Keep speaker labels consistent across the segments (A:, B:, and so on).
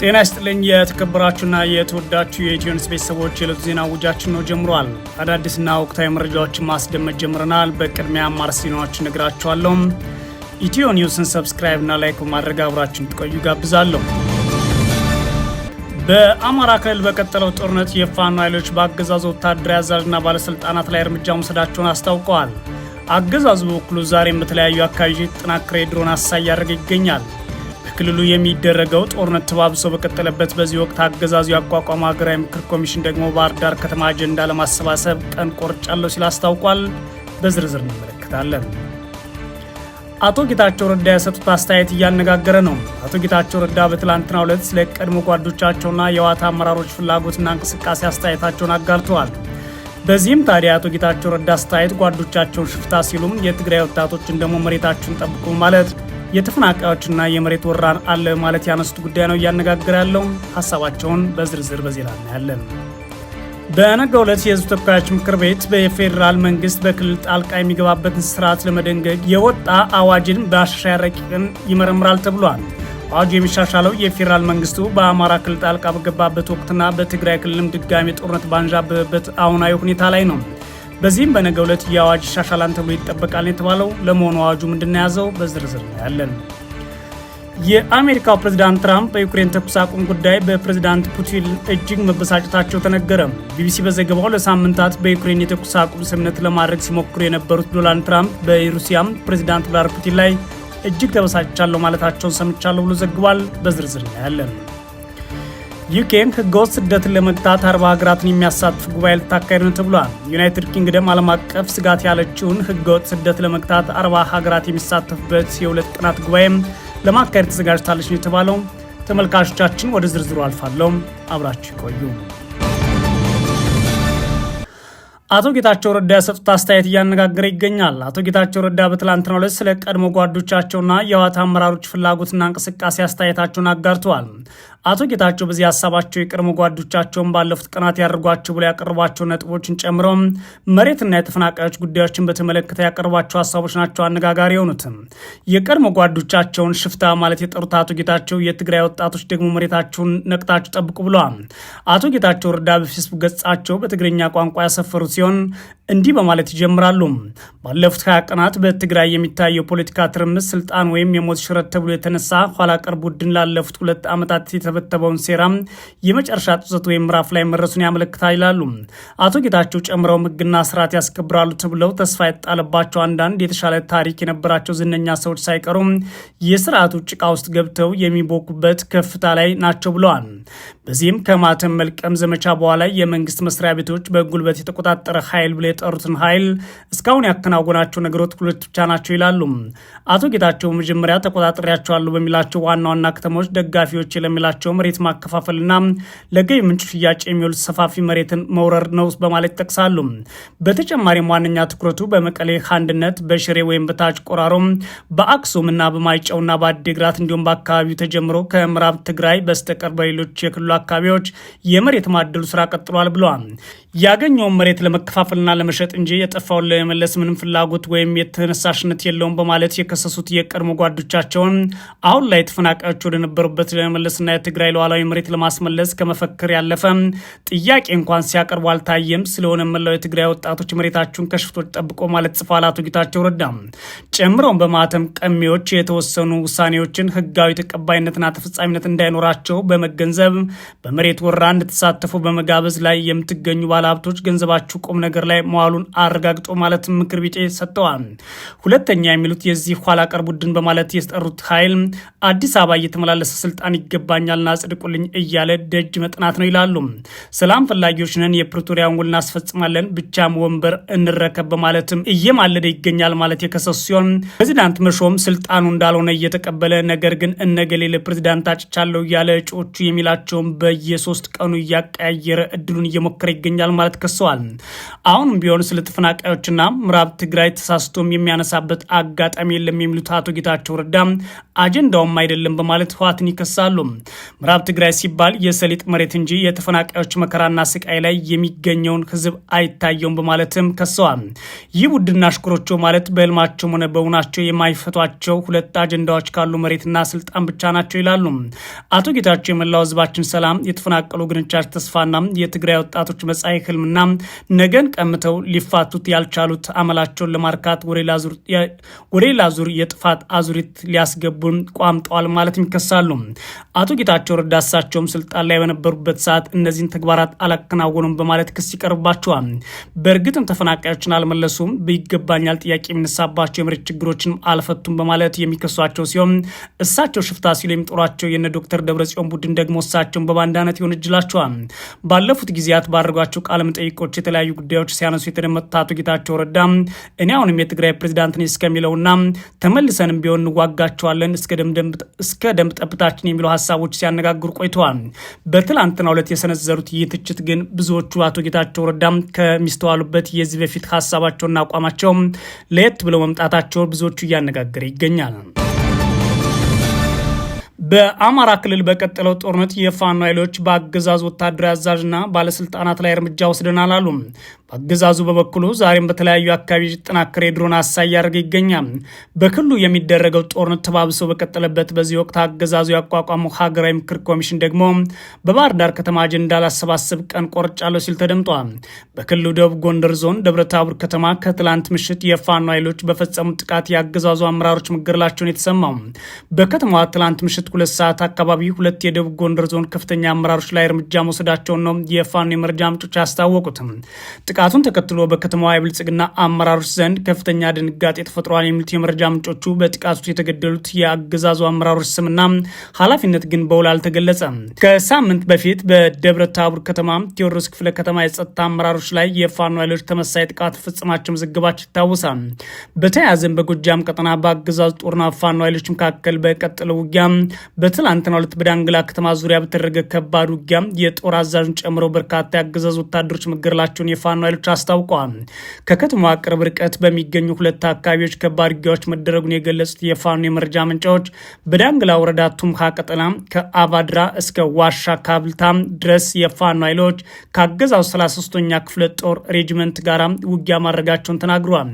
A: ጤና ይስጥልኝ የተከበራችሁና የተወዳችሁ የኢትዮኒውስ ቤተሰቦች የዕለቱ ዜና ውጃችን ነው ጀምሯል። አዳዲስና ወቅታዊ መረጃዎችን ማስደመጥ ጀምረናል። በቅድሚያ አማርስ ዜናዎችን ነግራችኋለሁ። ኢትዮ ኒውስን ሰብስክራይብ እና ላይክ በማድረግ አብራችን ትቆዩ ጋብዛለሁ። በአማራ ክልል በቀጠለው ጦርነት የፋኖ ኃይሎች በአገዛዙ ወታደራዊ አዛዥና ባለስልጣናት ላይ እርምጃ መውሰዳቸውን አስታውቀዋል። አገዛዙ በበኩሉ ዛሬም በተለያዩ አካባቢዎች የተጠናከረ የድሮን አሰሳ እያደረገ ይገኛል። በክልሉ የሚደረገው ጦርነት ተባብሶ በቀጠለበት በዚህ ወቅት አገዛዙ ያቋቋመ ሀገራዊ ምክር ኮሚሽን ደግሞ ባህር ዳር ከተማ አጀንዳ ለማሰባሰብ ቀን ቆርጫለሁ ሲል አስታውቋል። በዝርዝር እንመለከታለን። አቶ ጌታቸው ረዳ የሰጡት አስተያየት እያነጋገረ ነው። አቶ ጌታቸው ረዳ በትላንትናው ዕለት ስለ ቀድሞ ጓዶቻቸውና የዋታ አመራሮች ፍላጎትና እንቅስቃሴ አስተያየታቸውን አጋርተዋል። በዚህም ታዲያ አቶ ጌታቸው ረዳ አስተያየት ጓዶቻቸውን ሽፍታ ሲሉም የትግራይ ወጣቶችን ደግሞ መሬታችሁን ጠብቁ ማለት የተፈናቃዮችና የመሬት ወራን አለ ማለት ያነሱት ጉዳይ ነው እያነጋገረ ያለው። ሀሳባቸውን በዝርዝር በዜና እናያለን። በነገ ዕለት የህዝብ ተወካዮች ምክር ቤት በፌዴራል መንግስት በክልል ጣልቃ የሚገባበትን ስርዓት ለመደንገግ የወጣ አዋጅን በማሻሻያ ረቂቅን ይመረምራል ተብሏል። አዋጁ የሚሻሻለው የፌዴራል መንግስቱ በአማራ ክልል ጣልቃ በገባበት ወቅትና በትግራይ ክልልም ድጋሚ ጦርነት ባንዣበበት አሁናዊ ሁኔታ ላይ ነው። በዚህም በነገ ዕለት የአዋጅ ይሻሻላል ተብሎ ይጠበቃል የተባለው ለመሆኑ አዋጁ ምንድን ያዘው በዝርዝር እናያለን። የአሜሪካው ፕሬዝዳንት ትራምፕ በዩክሬን ተኩስ አቁም ጉዳይ በፕሬዝዳንት ፑቲን እጅግ መበሳጨታቸው ተነገረ። ቢቢሲ በዘገባው ለሳምንታት በዩክሬን የተኩስ አቁም ስምምነት ለማድረግ ሲሞክሩ የነበሩት ዶናልድ ትራምፕ በሩሲያም ፕሬዚዳንት ቭላድሚር ፑቲን ላይ እጅግ ተበሳጭቻለሁ ማለታቸውን ሰምቻለሁ ብሎ ዘግቧል። በዝርዝር እናያለን። ዩኬን ህገወጥ ስደትን ለመግታት አርባ ሀገራትን የሚያሳትፍ ጉባኤ ልታካሄድ ነው ተብሏል። ዩናይትድ ኪንግደም ዓለም አቀፍ ስጋት ያለችውን ህገወጥ ስደት ለመግታት አርባ ሀገራት የሚሳተፉበት የሁለት ቀናት ጉባኤም ለማካሄድ ተዘጋጅታለች ነው የተባለው። ተመልካቾቻችን ወደ ዝርዝሩ አልፋለሁ፣ አብራችሁ ይቆዩ። አቶ ጌታቸው ረዳ የሰጡት አስተያየት እያነጋገረ ይገኛል። አቶ ጌታቸው ረዳ በትላንትናው ዕለት ስለ ቀድሞ ጓዶቻቸውና የህወሓት አመራሮች ፍላጎትና እንቅስቃሴ አስተያየታቸውን አጋርተዋል። አቶ ጌታቸው በዚህ ሀሳባቸው የቀድሞ ጓዶቻቸውን ባለፉት ቀናት ያደርጓቸው ብሎ ያቀርቧቸው ነጥቦችን ጨምሮ መሬትና የተፈናቃዮች ጉዳዮችን በተመለከተ ያቀርቧቸው ሀሳቦች ናቸው አነጋጋሪ የሆኑትም። የቀድሞ ጓዶቻቸውን ሽፍታ ማለት የጠሩት አቶ ጌታቸው የትግራይ ወጣቶች ደግሞ መሬታቸውን ነቅታችሁ ጠብቁ ብለዋል። አቶ ጌታቸው ረዳ በፌስቡክ ገጻቸው በትግርኛ ቋንቋ ያሰፈሩት ሲሆን እንዲህ በማለት ይጀምራሉ። ባለፉት ሀያ ቀናት በትግራይ የሚታየው ፖለቲካ ትርምስ ስልጣን ወይም የሞት ሽረት ተብሎ የተነሳ ኋላ ቀር ቡድን ላለፉት ሁለት ዓመታት የተበተበውን ሴራ የመጨረሻ ጥሰት ወይም ምዕራፍ ላይ መድረሱን ያመለክታል ይላሉ አቶ ጌታቸው። ጨምረው ሕግና ስርዓት ያስከብራሉ ተብለው ተስፋ የጣለባቸው አንዳንድ የተሻለ ታሪክ የነበራቸው ዝነኛ ሰዎች ሳይቀሩ የስርዓቱ ጭቃ ውስጥ ገብተው የሚቦኩበት ከፍታ ላይ ናቸው ብለዋል። በዚህም ከማተም መልቀም ዘመቻ በኋላ የመንግስት መስሪያ ቤቶች በጉልበት የተቆጣጠረ ኃይል ብሎ የጠሩትን ኃይል እስካሁን ያከናወናቸው ነገሮች ሁለት ብቻ ናቸው ይላሉ አቶ ጌታቸው። መጀመሪያ ተቆጣጠሪያቸዋለሁ በሚላቸው ዋና ዋና ከተሞች ደጋፊዎች ለሚላቸው መሬት ማከፋፈልና ለገቢ ምንጭ ሽያጭ የሚውል ሰፋፊ መሬትን መውረር ነው በማለት ይጠቅሳሉ። በተጨማሪም ዋነኛ ትኩረቱ በመቀሌ አንድነት፣ በሽሬ ወይም በታች ቆራሮም፣ በአክሱም እና በማይጨውና በአዲግራት እንዲሁም በአካባቢው ተጀምሮ ከምዕራብ ትግራይ በስተቀር በሌሎች የክልሉ አካባቢዎች የመሬት ማደሉ ስራ ቀጥሏል ብለዋል። ያገኘውን መሬት ለመከፋፈልና ለመሸጥ እንጂ የጠፋውን ለመመለስ ምንም ፍላጎት ወይም የተነሳሽነት የለውም በማለት የከሰሱት የቀድሞ ጓዶቻቸውን አሁን ላይ ተፈናቃዮች ወደነበሩበት ለመመለስና የትግራይ ለዋላዊ መሬት ለማስመለስ ከመፈክር ያለፈ ጥያቄ እንኳን ሲያቀርቡ አልታየም። ስለሆነ መላው የትግራይ ወጣቶች መሬታችሁን ከሽፍቶች ጠብቆ ማለት ጽፏል አቶ ጌታቸው ረዳ። ጨምረውም በማተም ቀሚዎች የተወሰኑ ውሳኔዎችን ህጋዊ ተቀባይነትና ተፈጻሚነት እንዳይኖራቸው በመገንዘብ በመሬት ወራ እንድትሳተፉ በመጋበዝ ላይ የምትገኙ ባለ ባለሀብቶች ገንዘባችሁ ቁም ነገር ላይ መዋሉን አረጋግጦ ማለት ምክር ቢጤ ሰጥተዋል። ሁለተኛ የሚሉት የዚህ ኋላ ቀር ቡድን በማለት የጠሩት ኃይል አዲስ አበባ እየተመላለሰ ስልጣን ይገባኛልና አጽድቁልኝ እያለ ደጅ መጥናት ነው ይላሉ። ሰላም ፈላጊዎች ነን፣ የፕሪቶሪያን ውል እናስፈጽማለን፣ ብቻም ወንበር እንረከብ በማለትም እየማለደ ይገኛል ማለት የከሰሱ ሲሆን ፕሬዚዳንት መሾም ስልጣኑ እንዳልሆነ እየተቀበለ ነገር ግን እነገሌ ለፕሬዚዳንት አጭቻለሁ እያለ እጩዎቹ የሚላቸውን በየሶስት ቀኑ እያቀያየረ እድሉን እየሞከረ ይገኛል በማለት ከሰዋል። አሁንም ቢሆን ስለ ተፈናቃዮችና ምዕራብ ትግራይ ተሳስቶም የሚያነሳበት አጋጣሚ የለም የሚሉት አቶ ጌታቸው ረዳ አጀንዳውም አይደለም በማለት ህወሓትን ይከሳሉ። ምዕራብ ትግራይ ሲባል የሰሊጥ መሬት እንጂ የተፈናቃዮች መከራና ስቃይ ላይ የሚገኘውን ህዝብ አይታየውም በማለትም ከሰዋል። ይህ ቡድንና ሽኩሮቾ ማለት በህልማቸውም ሆነ በእውናቸው የማይፈቷቸው ሁለት አጀንዳዎች ካሉ መሬትና ስልጣን ብቻ ናቸው ይላሉ አቶ ጌታቸው። የመላው ህዝባችን ሰላም፣ የተፈናቀሉ ግንቻች ተስፋና የትግራይ ወጣቶች መጻ ቀጣይ ህልምና ነገን ቀምተው ሊፋቱት ያልቻሉት አመላቸውን ለማርካት ወደ ሌላ ዙር የጥፋት አዙሪት ሊያስገቡን ቋምጠዋል ማለት ይከሳሉ። አቶ ጌታቸው ረዳ እሳቸውም ስልጣን ላይ በነበሩበት ሰዓት እነዚህን ተግባራት አላከናወኑም በማለት ክስ ይቀርባቸዋል። በእርግጥም ተፈናቃዮችን አልመለሱም፣ በይገባኛል ጥያቄ የሚነሳባቸው የመሬት ችግሮችን አልፈቱም በማለት የሚከሷቸው ሲሆን እሳቸው ሽፍታ ሲሉ የሚጠሯቸው የነ ዶክተር ደብረጽዮን ቡድን ደግሞ እሳቸውን በባንዳነት ይወነጅላቸዋል። ባለፉት ጊዜያት ባደረጓቸው መጠይቆች የተለያዩ ጉዳዮች ሲያነሱ የተደመጡት አቶ ጌታቸው ረዳ እኔ አሁንም የትግራይ ፕሬዚዳንት ነኝ እስከሚለውና ተመልሰንም ቢሆን እንዋጋቸዋለን እስከ ደም ጠብታችን የሚለው ሀሳቦች ሲያነጋግሩ ቆይተዋል። በትላንትና ሁለት የሰነዘሩት ይህ ትችት ግን ብዙዎቹ አቶ ጌታቸው ረዳ ከሚስተዋሉበት የዚህ በፊት ሀሳባቸውና አቋማቸው ለየት ብለው መምጣታቸው ብዙዎቹ እያነጋገረ ይገኛል። በአማራ ክልል በቀጠለው ጦርነት የፋኖ ኃይሎች በአገዛዙ ወታደራዊ አዛዥና ባለስልጣናት ላይ እርምጃ ወስደናል አሉ። በአገዛዙ በበኩሉ ዛሬም በተለያዩ አካባቢዎች የተጠናከረ የድሮን አሳይ እያደረገ ይገኛል። በክልሉ የሚደረገው ጦርነት ተባብሶ በቀጠለበት በዚህ ወቅት አገዛዙ ያቋቋመው ሀገራዊ ምክር ኮሚሽን ደግሞ በባህር ዳር ከተማ አጀንዳ ላሰባስብ ቀን ቆርጫለሁ ሲል ተደምጧል። በክልሉ ደቡብ ጎንደር ዞን ደብረታቡር ከተማ ከትላንት ምሽት የፋኖ ኃይሎች በፈጸሙት ጥቃት የአገዛዙ አመራሮች መገደላቸውን የተሰማው በከተማዋ ትላንት ምሽት ሁለት ሰዓት አካባቢ ሁለት የደቡብ ጎንደር ዞን ከፍተኛ አመራሮች ላይ እርምጃ መውሰዳቸውን ነው የፋኖ የመረጃ ምንጮች አስታወቁትም። ጥቃቱን ተከትሎ በከተማዋ የብልጽግና አመራሮች ዘንድ ከፍተኛ ድንጋጤ ተፈጥሯል የሚሉት የመረጃ ምንጮቹ በጥቃቱ የተገደሉት የአገዛዙ አመራሮች ስምና ኃላፊነት ግን በውል አልተገለጸም። ከሳምንት በፊት በደብረ ታቡር ከተማ ቴዎድሮስ ክፍለ ከተማ የጸጥታ አመራሮች ላይ የፋኖ ኃይሎች ተመሳይ ጥቃት ፈጽማቸው መዘገባቸው ይታወሳል። በተያያዘም በጎጃም ቀጠና በአገዛዙ ጦርና ፋኖ ኃይሎች መካከል በቀጠለው ውጊያ በትላንትናው ዕለት በዳንግላ ከተማ ዙሪያ በተደረገ ከባድ ውጊያ የጦር አዛዥን ጨምሮ በርካታ ያገዛዙ ወታደሮች መገደላቸውን የፋኖ ኃይሎች አስታውቀዋል። ከከተማዋ ቅርብ ርቀት በሚገኙ ሁለት አካባቢዎች ከባድ ውጊያዎች መደረጉን የገለጹት የፋኖ የመረጃ ምንጫዎች በዳንግላ ወረዳ ቱምካ ቀጠና ከአባድራ እስከ ዋሻ ካብልታም ድረስ የፋኖ ኃይሎች ከአገዛዙ 33ኛ ክፍለ ጦር ሬጅመንት ጋር ውጊያ ማድረጋቸውን ተናግረዋል።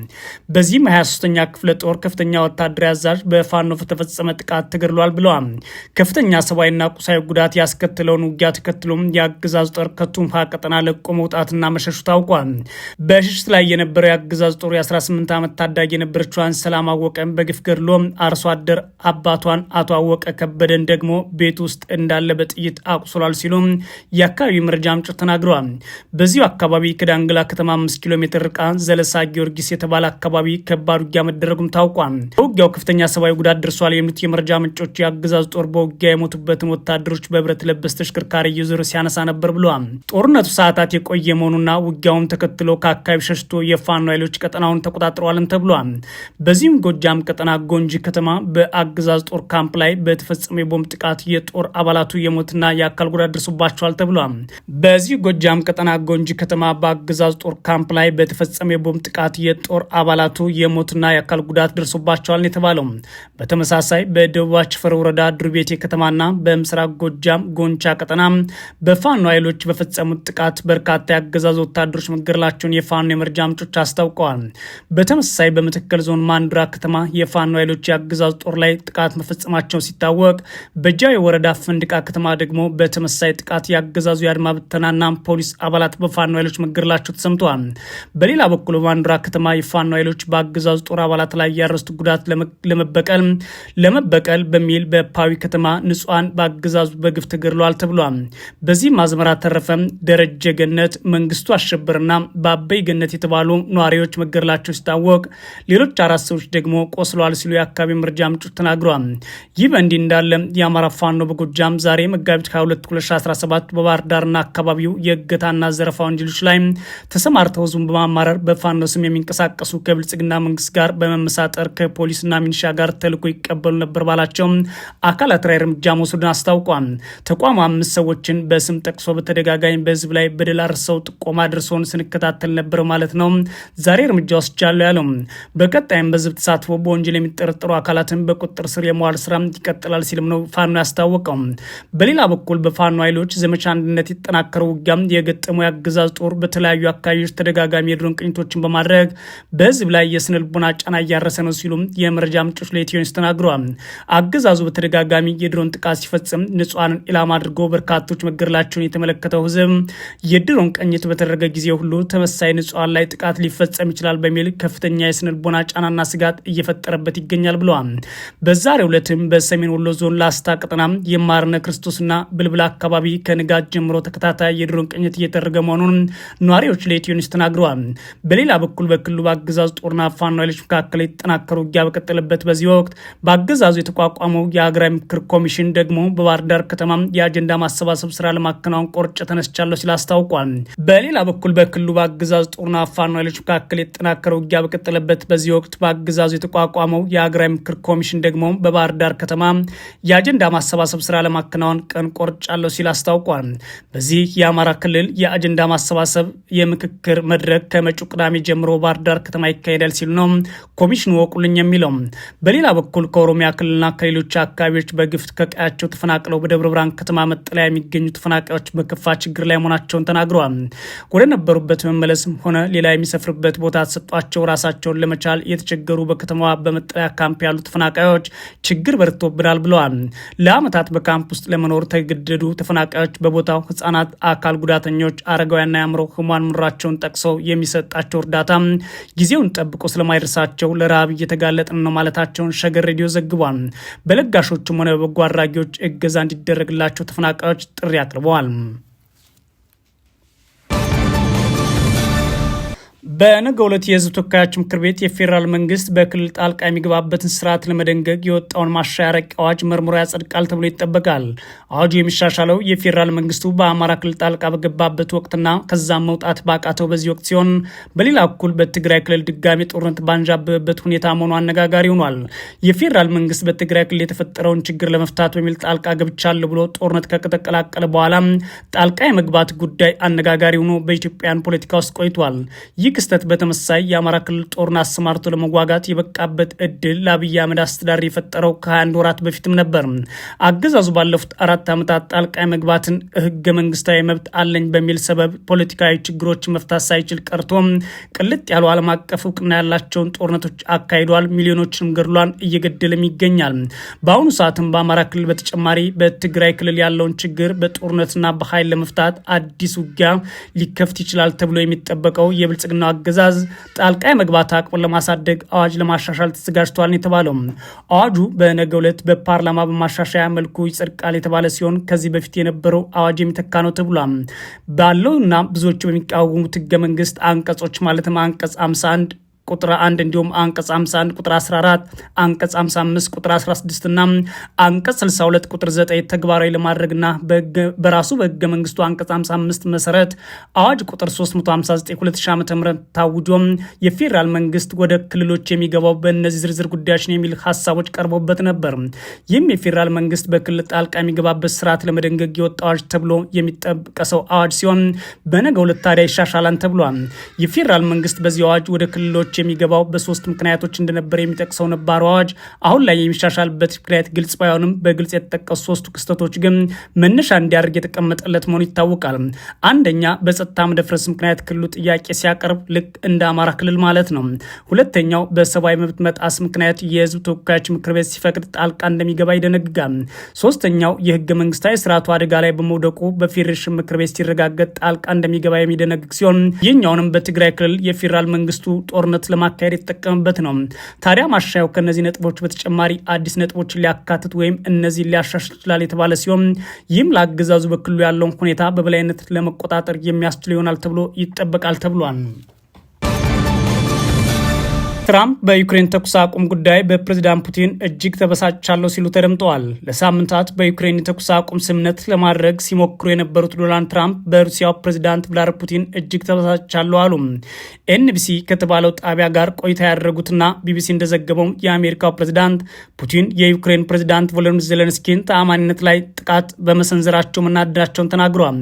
A: በዚህም 23ኛ ክፍለ ጦር ከፍተኛ ወታደራዊ አዛዥ በፋኖ በተፈጸመ ጥቃት ተገድሏል ብለዋል። ከፍተኛ ሰብአዊና ቁሳዊ ጉዳት ያስከትለውን ውጊያ ተከትሎም የአገዛዝ ጦር ከቱንፋ ቀጠና ለቆ መውጣትና መሸሹ ታውቋል። በሽሽት ላይ የነበረው የአገዛዝ ጦር የ18 ዓመት ታዳጊ የነበረችዋን ሰላም አወቀ በግፍ ገድሎ አርሶ አደር አባቷን አቶ አወቀ ከበደን ደግሞ ቤት ውስጥ እንዳለ በጥይት አቁስሏል ሲሉም የአካባቢ መረጃ ምንጮች ተናግረዋል። በዚሁ አካባቢ ከዳንግላ ከተማ 5 ኪሎ ሜትር ርቃ ዘለሳ ጊዮርጊስ የተባለ አካባቢ ከባድ ውጊያ መደረጉም ታውቋል። በውጊያው ከፍተኛ ሰብአዊ ጉዳት ደርሷል የሚሉት የመረጃ ምንጮች የአገዛዝ ጦር ጦር በውጊያ የሞቱበትን ወታደሮች በብረት ለበስ ተሽከርካሪ እየዞረ ሲያነሳ ነበር ብለዋል። ጦርነቱ ሰዓታት የቆየ መሆኑና ውጊያውም ተከትሎ ከአካባቢ ሸሽቶ የፋኖ ኃይሎች ቀጠናውን ተቆጣጥረዋልን ተብሏል። በዚህም ጎጃም ቀጠና ጎንጂ ከተማ በአገዛዝ ጦር ካምፕ ላይ በተፈጸመ የቦምብ ጥቃት የጦር አባላቱ የሞትና የአካል ጉዳት ደርሶባቸዋል ተብሏል። በዚህ ጎጃም ቀጠና ጎንጂ ከተማ በአገዛዝ ጦር ካምፕ ላይ በተፈጸመ የቦምብ ጥቃት የጦር አባላቱ የሞትና የአካል ጉዳት ደርሶባቸዋል የተባለው በተመሳሳይ በደቡብ አቸፈር ወረዳ ድር ቤቴ ከተማና በምስራቅ ጎጃም ጎንቻ ቀጠና በፋኖ ኃይሎች በፈጸሙት ጥቃት በርካታ የአገዛዝ ወታደሮች መገደላቸውን የፋኖ የመረጃ ምንጮች አስታውቀዋል። በተመሳሳይ በመተከል ዞን ማንዱራ ከተማ የፋኖ ኃይሎች የአገዛዝ ጦር ላይ ጥቃት መፈጸማቸው ሲታወቅ፣ በጃዊ ወረዳ ፍንድቃ ከተማ ደግሞ በተመሳሳይ ጥቃት የአገዛዙ የአድማ ብተናና ፖሊስ አባላት በፋኖ ኃይሎች መገደላቸው ተሰምተዋል። በሌላ በኩል ማንዱራ ከተማ የፋኖ ኃይሎች በአገዛዙ ጦር አባላት ላይ ያረሱት ጉዳት ለመበቀል ለመበቀል በሚል በፓዊ ከተማ ንጹሐን በአገዛዙ በግፍ ተገድለዋል ተብሏል። በዚህም አዝመራ ተረፈ ደረጀ ገነት፣ መንግስቱ አሸበርና በአበይ ገነት የተባሉ ነዋሪዎች መገደላቸው ሲታወቅ ሌሎች አራት ሰዎች ደግሞ ቆስለዋል ሲሉ የአካባቢ መረጃ ምንጮች ተናግረዋል። ይህ በእንዲህ እንዳለ የአማራ ፋኖ በጎጃም ዛሬ መጋቢት 22 2017 በባህር ዳርና አካባቢው የእገታና ዘረፋ ወንጀሎች ላይ ተሰማርተው ህዝቡን በማማረር በፋኖ ስም የሚንቀሳቀሱ ከብልጽግና መንግስት ጋር በመመሳጠር ከፖሊስና ሚኒሻ ጋር ተልዕኮ ይቀበሉ ነበር ባላቸው አካል አካላትራዊ እርምጃ መውሰዱን አስታውቋል። ተቋሙ አምስት ሰዎችን በስም ጠቅሶ በተደጋጋሚ በህዝብ ላይ በደል አርሰው ጥቆማ ደርሰውን ስንከታተል ነበር ማለት ነው። ዛሬ እርምጃ ወስጃለሁ ያለው በቀጣይም በህዝብ ተሳትፎ በወንጀል የሚጠረጠሩ አካላትን በቁጥጥር ስር የመዋል ስራ ይቀጥላል ሲልም ነው ፋኖ ያስታወቀው። በሌላ በኩል በፋኖ ኃይሎች ዘመቻ አንድነት የተጠናከረው ውጊያ የገጠመው የአገዛዝ ጦር በተለያዩ አካባቢዎች ተደጋጋሚ የድሮን ቅኝቶችን በማድረግ በህዝብ ላይ የስነልቦና ጫና እያረሰ ነው ሲሉም የመረጃ ምንጮች ለኢትዮኒውስ ተናግረዋል። አገዛዙ በተደጋጋሚ በተደጋጋሚ የድሮን ጥቃት ሲፈጽም ንጹሐንን ኢላማ አድርጎ በርካቶች መገደላቸውን የተመለከተው ህዝብ የድሮን ቅኝት በተደረገ ጊዜ ሁሉ ተመሳይ ንጹሐን ላይ ጥቃት ሊፈጸም ይችላል በሚል ከፍተኛ የስነልቦና ጫናና ስጋት እየፈጠረበት ይገኛል ብለዋል። በዛሬው ዕለትም በሰሜን ወሎ ዞን ላስታ ቀጠና የማርነ ክርስቶስና ብልብላ አካባቢ ከንጋት ጀምሮ ተከታታይ የድሮን ቅኝት እየተደረገ መሆኑን ነዋሪዎች ለኢትዮ ኒውስ ተናግረዋል። በሌላ በኩል በክልሉ በአገዛዙ ጦርና ፋኖ ኃይሎች መካከል የተጠናከሩ ውጊያ በቀጠለበት በዚህ ወቅት በአገዛዙ የተቋቋመው የሀገራዊ ምክር ኮሚሽን ደግሞ በባህር ዳር ከተማ የአጀንዳ ማሰባሰብ ስራ ለማከናወን ቆርጬ ተነስቻለሁ ሲል አስታውቋል። በሌላ በኩል በክልሉ በአገዛዝ ጦርና ፋኖ ኃይሎች መካከል የተጠናከረ ውጊያ በቀጠለበት በዚህ ወቅት በአገዛዙ የተቋቋመው የሀገራዊ ምክክር ኮሚሽን ደግሞ በባህር ዳር ከተማ የአጀንዳ ማሰባሰብ ስራ ለማከናወን ቀን ቆርጫለሁ ሲል አስታውቋል። በዚህ የአማራ ክልል የአጀንዳ ማሰባሰብ የምክክር መድረክ ከመጪው ቅዳሜ ጀምሮ ባህር ዳር ከተማ ይካሄዳል ሲሉ ነው ኮሚሽኑ ወቁልኝ የሚለው። በሌላ በኩል ከኦሮሚያ ክልልና ከሌሎች አካባቢዎች በግፍ ከቀያቸው ተፈናቅለው በደብረ ብርሃን ከተማ መጠለያ የሚገኙ ተፈናቃዮች በከፋ ችግር ላይ መሆናቸውን ተናግረዋል። ወደ ነበሩበት መመለስም ሆነ ሌላ የሚሰፍርበት ቦታ ተሰጧቸው ራሳቸውን ለመቻል የተቸገሩ በከተማዋ በመጠለያ ካምፕ ያሉ ተፈናቃዮች ችግር በርቶብናል ብለዋል። ለአመታት በካምፕ ውስጥ ለመኖር ተገደዱ ተፈናቃዮች በቦታው ህጻናት፣ አካል ጉዳተኞች፣ አረጋውያንና የአእምሮ ህሙማን መኖራቸውን ጠቅሰው የሚሰጣቸው እርዳታ ጊዜውን ጠብቆ ስለማይደርሳቸው ለረሃብ እየተጋለጥን ነው ማለታቸውን ሸገር ሬዲዮ ዘግቧል። በለጋሾቹም ሆነ በበጎ አድራጊዎች እገዛ እንዲደረግላቸው ተፈናቃዮች ጥሪ አቅርበዋል። በነገ ሁለት የህዝብ ተወካዮች ምክር ቤት የፌዴራል መንግስት በክልል ጣልቃ የሚገባበትን ስርዓት ለመደንገግ የወጣውን ማሻሻያ ረቂቅ አዋጅ መርምሮ ያጸድቃል ተብሎ ይጠበቃል። አዋጁ የሚሻሻለው የፌዴራል መንግስቱ በአማራ ክልል ጣልቃ በገባበት ወቅትና ከዛም መውጣት ባቃተው በዚህ ወቅት ሲሆን፣ በሌላ በኩል በትግራይ ክልል ድጋሚ ጦርነት ባንዣበበበት ሁኔታ መሆኑ አነጋጋሪ ሆኗል። የፌዴራል መንግስት በትግራይ ክልል የተፈጠረውን ችግር ለመፍታት በሚል ጣልቃ ገብቻለሁ ብሎ ጦርነት ከተቀላቀለ በኋላ ጣልቃ የመግባት ጉዳይ አነጋጋሪ ሆኖ በኢትዮጵያን ፖለቲካ ውስጥ ቆይቷል። ይህ ክስተት በተመሳይ የአማራ ክልል ጦርን አሰማርቶ ለመዋጋት የበቃበት እድል ለአብይ አህመድ አስተዳደር የፈጠረው ከ21 ወራት በፊትም ነበር። አገዛዙ ባለፉት አራት ዓመታት ጣልቃ መግባትን ህገ መንግስታዊ መብት አለኝ በሚል ሰበብ ፖለቲካዊ ችግሮች መፍታት ሳይችል ቀርቶ ቅልጥ ያሉ ዓለም አቀፍ እውቅና ያላቸውን ጦርነቶች አካሂዷል። ሚሊዮኖችንም ገድሏል፣ እየገደለም ይገኛል። በአሁኑ ሰዓትም በአማራ ክልል በተጨማሪ በትግራይ ክልል ያለውን ችግር በጦርነትና በኃይል ለመፍታት አዲስ ውጊያ ሊከፍት ይችላል ተብሎ የሚጠበቀው የብልጽግና አገዛዝ ጣልቃ የመግባት አቅሙን ለማሳደግ አዋጅ ለማሻሻል ተዘጋጅቷል የተባለው። አዋጁ በነገ ዕለት በፓርላማ በማሻሻያ መልኩ ይጸድቃል የተባለ ሲሆን ከዚህ በፊት የነበረው አዋጅ የሚተካ ነው ተብሏል። ባለውና ብዙዎቹ በሚቃወሙት ህገ መንግስት አንቀጾች ማለትም አንቀጽ 51 ቁጥር 1 እንዲሁም አንቀጽ 51 ቁጥር 14 አንቀጽ 55 ቁጥር 16 እና አንቀጽ 62 ቁጥር 9 ተግባራዊ ለማድረግና በራሱ በህገ መንግስቱ አንቀጽ 55 መሰረት አዋጅ ቁጥር 359 ዓ ም ታውጆ የፌዴራል መንግስት ወደ ክልሎች የሚገባው በእነዚህ ዝርዝር ጉዳዮች ነው የሚል ሀሳቦች ቀርቦበት ነበር። ይህም የፌዴራል መንግስት በክልል ጣልቃ የሚገባበት ስርዓት ለመደንገግ የወጣ አዋጅ ተብሎ የሚጠቀሰው አዋጅ ሲሆን በነገ ሁለት ታዲያ ይሻሻላን ተብሏል። የፌዴራል መንግስት በዚህ አዋጅ ወደ ክልሎች ድርጅቶች የሚገባው በሶስት ምክንያቶች እንደነበረ የሚጠቅሰው ነባሩ አዋጅ አሁን ላይ የሚሻሻልበት ምክንያት ግልጽ ባይሆንም በግልጽ የተጠቀሱ ሶስቱ ክስተቶች ግን መነሻ እንዲያደርግ የተቀመጠለት መሆኑ ይታወቃል። አንደኛ በጸጥታ መደፍረስ ምክንያት ክልሉ ጥያቄ ሲያቀርብ ልክ እንደ አማራ ክልል ማለት ነው። ሁለተኛው በሰብአዊ መብት መጣስ ምክንያት የህዝብ ተወካዮች ምክር ቤት ሲፈቅድ ጣልቃ እንደሚገባ ይደነግጋል። ሶስተኛው የህገ መንግስታዊ ስርዓቱ አደጋ ላይ በመውደቁ በፌዴሬሽን ምክር ቤት ሲረጋገጥ ጣልቃ እንደሚገባ የሚደነግግ ሲሆን ይህኛውንም በትግራይ ክልል የፌዴራል መንግስቱ ጦርነት ግንኙነት ለማካሄድ የተጠቀምበት ነው። ታዲያ ማሻያው ከእነዚህ ነጥቦች በተጨማሪ አዲስ ነጥቦችን ሊያካትት ወይም እነዚህን ሊያሻሽል ይችላል የተባለ ሲሆን ይህም ለአገዛዙ በክልሉ ያለውን ሁኔታ በበላይነት ለመቆጣጠር የሚያስችል ይሆናል ተብሎ ይጠበቃል ተብሏል። ትራምፕ በዩክሬን ተኩስ አቁም ጉዳይ በፕሬዚዳንት ፑቲን እጅግ ተበሳጭቻለሁ ሲሉ ተደምጠዋል። ለሳምንታት በዩክሬን የተኩስ አቁም ስምምነት ለማድረግ ሲሞክሩ የነበሩት ዶናልድ ትራምፕ በሩሲያው ፕሬዚዳንት ቭላድሚር ፑቲን እጅግ ተበሳጭቻለሁ አሉ። ኤንቢሲ ከተባለው ጣቢያ ጋር ቆይታ ያደረጉትና ቢቢሲ እንደዘገበው የአሜሪካው ፕሬዝዳንት ፑቲን የዩክሬን ፕሬዝዳንት ቮሎዲሚር ዜሌንስኪን ተአማኒነት ላይ ጥቃት በመሰንዘራቸው መናደዳቸውን ተናግረዋል።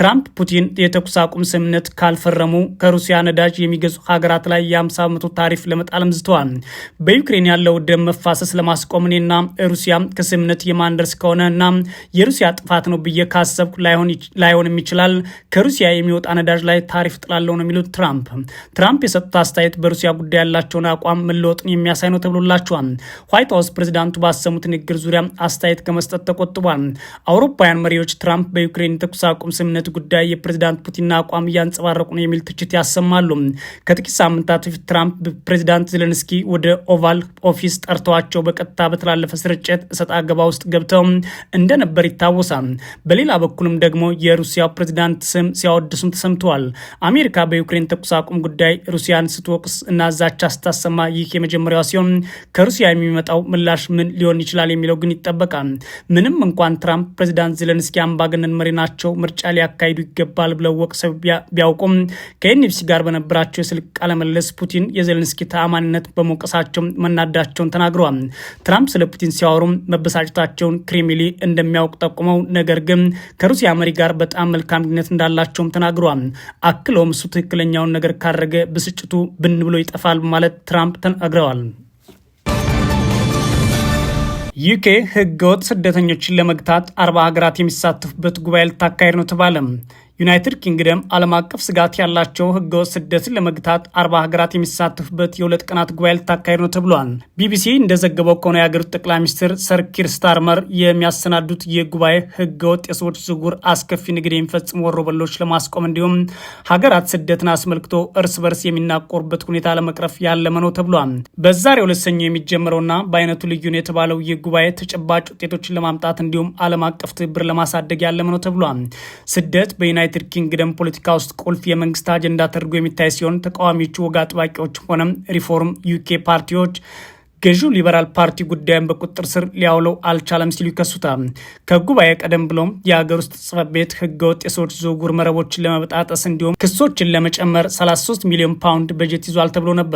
A: ትራምፕ ፑቲን የተኩስ አቁም ስምምነት ካልፈረሙ ከሩሲያ ነዳጅ የሚገዙ ሀገራት ላይ የ50 በመቶ ታሪፍ ለመጣል ዝተዋል። በዩክሬን ያለው ደም መፋሰስ ለማስቆም እኔና ሩሲያ ከስምምነት የማንደርስ ከሆነ እና የሩሲያ ጥፋት ነው ብዬ ካሰብኩ ላይሆንም ይችላል ከሩሲያ የሚወጣ ነዳጅ ላይ ታሪፍ ጥላለው ነው የሚሉት ትራምፕ ትራምፕ የሰጡት አስተያየት በሩሲያ ጉዳይ ያላቸውን አቋም መለወጥን የሚያሳይ ነው ተብሎላቸዋል። ዋይት ሀውስ ፕሬዚዳንቱ ባሰሙት ንግግር ዙሪያ አስተያየት ከመስጠት ተቆጥቧል። አውሮፓውያን መሪዎች ትራምፕ በዩክሬን የተኩስ አቁም ስምምነት ጉዳይ የፕሬዚዳንት ፑቲንና አቋም እያንጸባረቁ ነው የሚል ትችት ያሰማሉ። ከጥቂት ሳምንታት በፊት ትራምፕ ፕሬዚዳንት ዜሌንስኪ ወደ ኦቫል ኦፊስ ጠርተዋቸው በቀጥታ በተላለፈ ስርጭት እሰጥ አገባ ውስጥ ገብተው እንደነበር ይታወሳል። በሌላ በኩልም ደግሞ የሩሲያ ፕሬዚዳንት ስም ሲያወድሱም ተሰምተዋል። አሜሪካ በዩክሬን ተኩስ አቁም ጉዳይ ጉዳይ ሩሲያን ስትወቅስ እና ዛቻ ስታሰማ ይህ የመጀመሪያ ሲሆን ከሩሲያ የሚመጣው ምላሽ ምን ሊሆን ይችላል የሚለው ግን ይጠበቃል። ምንም እንኳን ትራምፕ ፕሬዚዳንት ዜለንስኪ አምባገነን መሪ ናቸው፣ ምርጫ ሊያካሂዱ ይገባል ብለው ወቅሰው ቢያውቁም ከኤንቢሲ ጋር በነበራቸው የስልክ ቃለመለስ ፑቲን የዜለንስኪ ተአማንነት በመውቀሳቸው መናዳቸውን ተናግረዋል። ትራምፕ ስለ ፑቲን ሲያወሩም መበሳጨታቸውን ክሬምሊ እንደሚያውቅ ጠቁመው ነገር ግን ከሩሲያ መሪ ጋር በጣም መልካም ግንኙነት እንዳላቸውም ተናግረዋል። አክለውም እሱ ትክክለኛውን ነገር ካረገ ነገ ብስጭቱ ብን ብሎ ይጠፋል በማለት ትራምፕ ተናግረዋል። ዩኬ ህገወጥ ስደተኞችን ለመግታት አርባ ሀገራት የሚሳተፉበት ጉባኤ ልታካሄድ ነው ተባለም። ዩናይትድ ኪንግደም ዓለም አቀፍ ስጋት ያላቸው ህገወጥ ስደትን ለመግታት አርባ ሀገራት የሚሳተፉበት የሁለት ቀናት ጉባኤ ልታካሄድ ነው ተብሏል። ቢቢሲ እንደዘገበው ከሆነ የአገሪቱ ጠቅላይ ሚኒስትር ሰር ኪር ስታርመር የሚያሰናዱት የጉባኤ ህገወጥ የሰዎች ዝውውር፣ አስከፊ ንግድ የሚፈጽሙ ወሮበሎች ለማስቆም እንዲሁም ሀገራት ስደትን አስመልክቶ እርስ በርስ የሚናቆሩበት ሁኔታ ለመቅረፍ ያለመ ነው ተብሏል። በዛሬው ዕለት ሰኞ የሚጀምረውና በአይነቱ ልዩ ነው የተባለው ይህ ጉባኤ ተጨባጭ ውጤቶችን ለማምጣት እንዲሁም ዓለም አቀፍ ትብብር ለማሳደግ ያለመ ነው ተብሏል። ስደት በዩናይትድ ዩናይትድ ኪንግደም ፖለቲካ ውስጥ ቁልፍ የመንግስት አጀንዳ ተደርጎ የሚታይ ሲሆን ተቃዋሚዎቹ ወግ አጥባቂዎች ሆነም ሪፎርም ዩኬ ፓርቲዎች ገዢው ሊበራል ፓርቲ ጉዳይን በቁጥጥር ስር ሊያውለው አልቻለም ሲሉ ይከሱታል። ከጉባኤ ቀደም ብሎም የሀገር ውስጥ ጽፈት ቤት ህገወጥ የሰዎች ዝውውር መረቦችን ለመበጣጠስ እንዲሁም ክሶችን ለመጨመር 33 ሚሊዮን ፓውንድ በጀት ይዟል ተብሎ ነበር።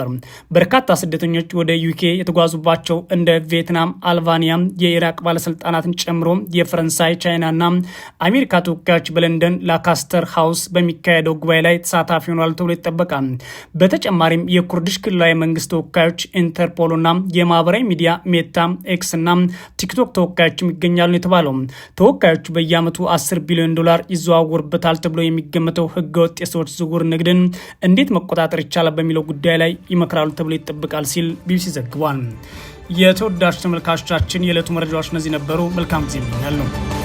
A: በርካታ ስደተኞች ወደ ዩኬ የተጓዙባቸው እንደ ቪየትናም፣ አልባኒያ፣ የኢራቅ ባለስልጣናትን ጨምሮ የፈረንሳይ፣ ቻይናና አሜሪካ ተወካዮች በለንደን ላካስተር ሀውስ በሚካሄደው ጉባኤ ላይ ተሳታፊ ሆኗል ተብሎ ይጠበቃል። በተጨማሪም የኩርድሽ ክልላዊ መንግስት ተወካዮች ኢንተርፖልና የማህበራዊ ሚዲያ ሜታ፣ ኤክስ እና ቲክቶክ ተወካዮችም ይገኛሉ የተባለው ተወካዮቹ በየአመቱ 10 ቢሊዮን ዶላር ይዘዋወርበታል ተብሎ የሚገመተው ህገወጥ የሰዎች ዝውውር ንግድን እንዴት መቆጣጠር ይቻላል በሚለው ጉዳይ ላይ ይመክራሉ ተብሎ ይጠበቃል ሲል ቢቢሲ ዘግቧል። የተወዳጅ ተመልካቾቻችን የዕለቱ መረጃዎች እነዚህ ነበሩ። መልካም ጊዜ ነው።